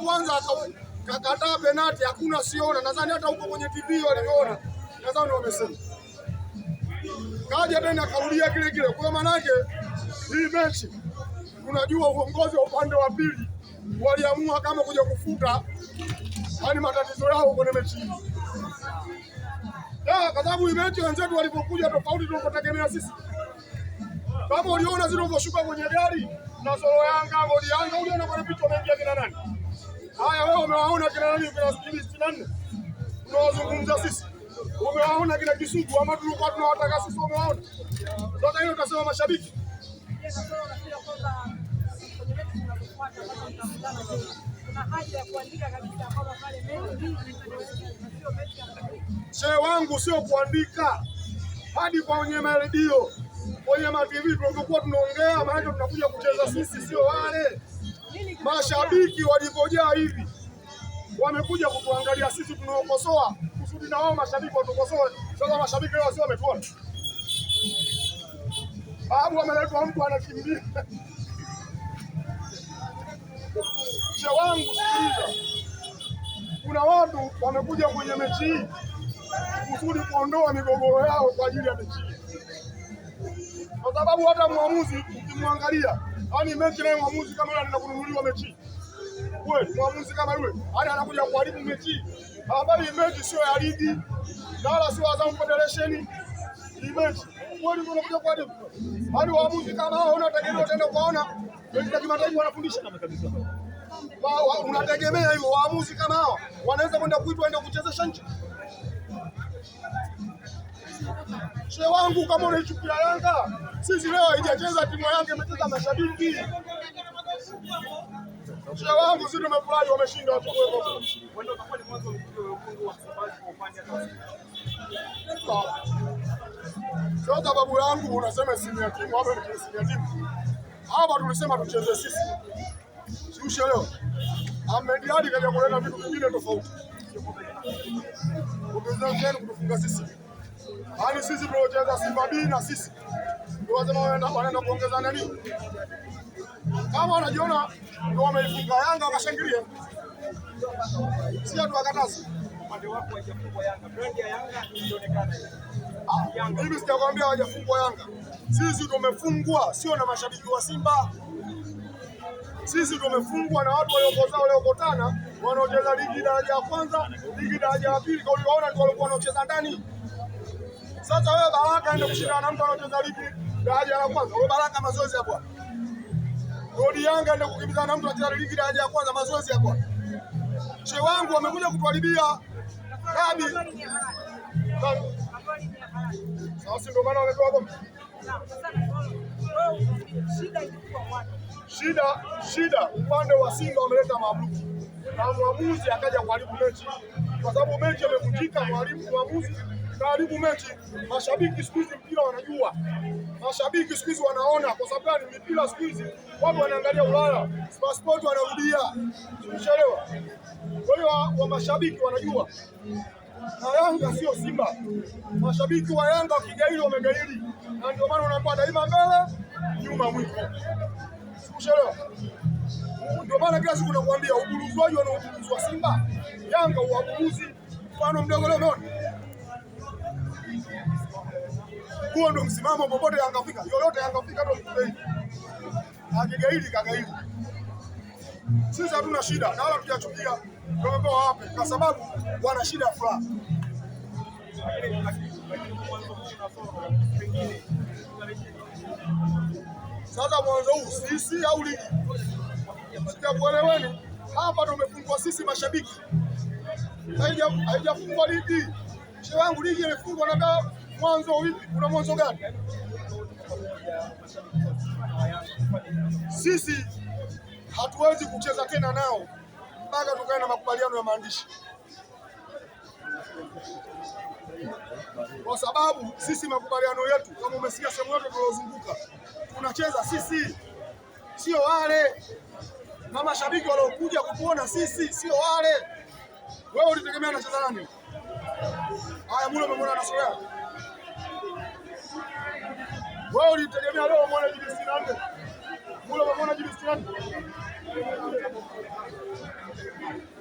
Mwanza kakataa penati, hakuna siona. Nadhani hata huko kwenye TV waliona, nadhani wamesema kaja tena akarudia kile kile. Kwa maana yake hii mechi unajua, uongozi wa upande wa pili waliamua kama kuja kufuta, yani matatizo yao kwenye mechi hii, kwa sababu hii mechi wenzetu walipokuja tofauti tulipotegemea sisi, kama uliona zilivyoshuka kwenye gari na solo Yanga goli Yanga, uliona kwenye picha unaingia kina nani Haya, wewe umewaona kina nani? Kina sitini na nne tunawazungumza sisi, umewaona kina Kisugu ama tulikuwa tunawataka sisi? Umewaona sasa hiyo utasema mashabiki Shehe wangu sio kuandika hadi kwa wenye maredio, wenye matv, tunapokuwa tunaongea, maana tunakuja kucheza sisi, sio wale mashabiki walivyojaa hivi, wamekuja kutuangalia sisi tunaokosoa kusudi na wao mashabiki watukosoe. Sasa mashabiki wao sio wamekuona babu ameletwa mtu anakimbia. Mche wangu, sikiliza, kuna watu wamekuja kwenye mechi hii kusudi kuondoa migogoro yao kwa ajili ya mechi hii kwa sababu hata mwamuzi ukimwangalia, yani mechi naye mwamuzi kama yule anaenda kununuliwa mechi kweli, mwamuzi kama yule yani anakuja kuharibu mechi. Habari mechi sio ya ligi na wala sio Azam Federation, ni mechi kweli, ndio unakuja kuharibu yani waamuzi kama hao, unategemea utaenda kuona mechi za kimataifa wanafundisha kama kabisa unategemea hiyo waamuzi kama hao wanaweza kwenda kuitwa waende kuchezesha nchi Shee wangu, kama unaichukia Yanga, sisi leo haijacheza timu yake, imecheza mashabiki. Shee wangu, sisi tumefurahi, wameshinda watu wao. Sio sababu yangu unasema simu ya timu hapo, ni simu ya timu hapa. Tulisema tucheze sisi, siushe leo. Ahmed Ally kaja kuleta vitu vingine tofauti, kutufunga sisi Yaani sisi tunaocheza Simba B na sisi tunasema wanaenda kuongeza nani? Kama wanajiona ndio wameifunga Yanga wakashangilia. Sisi hatuwakatazi. Upande wako haijafungwa Yanga. Brand ya Yanga ah, Mimi sijakwambia hawajafungwa Yanga. Sisi tumefungwa sio na mashabiki wa Simba. Sisi tumefungwa na watu waliokotana waliokotana wanaocheza ligi daraja ya kwanza, ligi daraja ya pili, kwa walikuwa wanaocheza ndani. Sasa wewe Baraka ndio kushinda na mtu anacheza ligi daraja la kwanza. Wewe Baraka mazoezi ya bwana. Rodi Yanga ndio kukimbiza na mtu anacheza ligi daraja la kwanza mazoezi ya bwana. Che wangu wamekuja kutuharibia kadi. Sasa ndio maana wamepewa kombe. Shida shida upande wa Simba wameleta maabluki na mwamuzi akaja kuharibu mechi kwa sababu mechi amevunjika, mwalimu mwamuzi karibu mechi. Mashabiki siku hizi mpira wanajua, mashabiki siku hizi wanaona, kwa sababu ni mpira siku hizi wapo wanaangalia Ulaya, Sport wanarudia, umeshelewa? Kwa hiyo wa mashabiki wanajua, na Yanga sio Simba. Mashabiki wa Yanga wakigaili wamegaili, na ndio maana unaambiwa daima mbele, nyuma mwiko, umeshelewa? Ndio maana kila siku nakwambia uburuzwaji wanaoburuzwa Simba Yanga uwaburuzi. Mfano mdogo leo umeona huo ndio msimamo, popote yangafika, yoyote yangafika, ndio akigaidi kagaili, Sisi hatuna shida na wala tujachukia tumepewa wape, kwa sababu wana shida fulani sasa mwanzo huu sisi au ligi sitakueleweni hapa. Tumefungwa sisi mashabiki, haijafungwa ligi. Shehe wangu, ligi imefungwa na mwanzo hivi, kuna mwanzo gani? Sisi hatuwezi kucheza tena nao mpaka tukae na makubaliano ya maandishi, kwa sababu sisi makubaliano yetu, kama umesikia sehemu yote tuliozunguka, tunacheza sisi, sio wale na mashabiki waliokuja kukuona sisi, sio wale. Wewe ulitegemea nacheza nani? Haya, mule umemwona Nasoya wewe ulitegemea leo umeona jibu sitini na nne. Mula umeona jibu sitini na nne.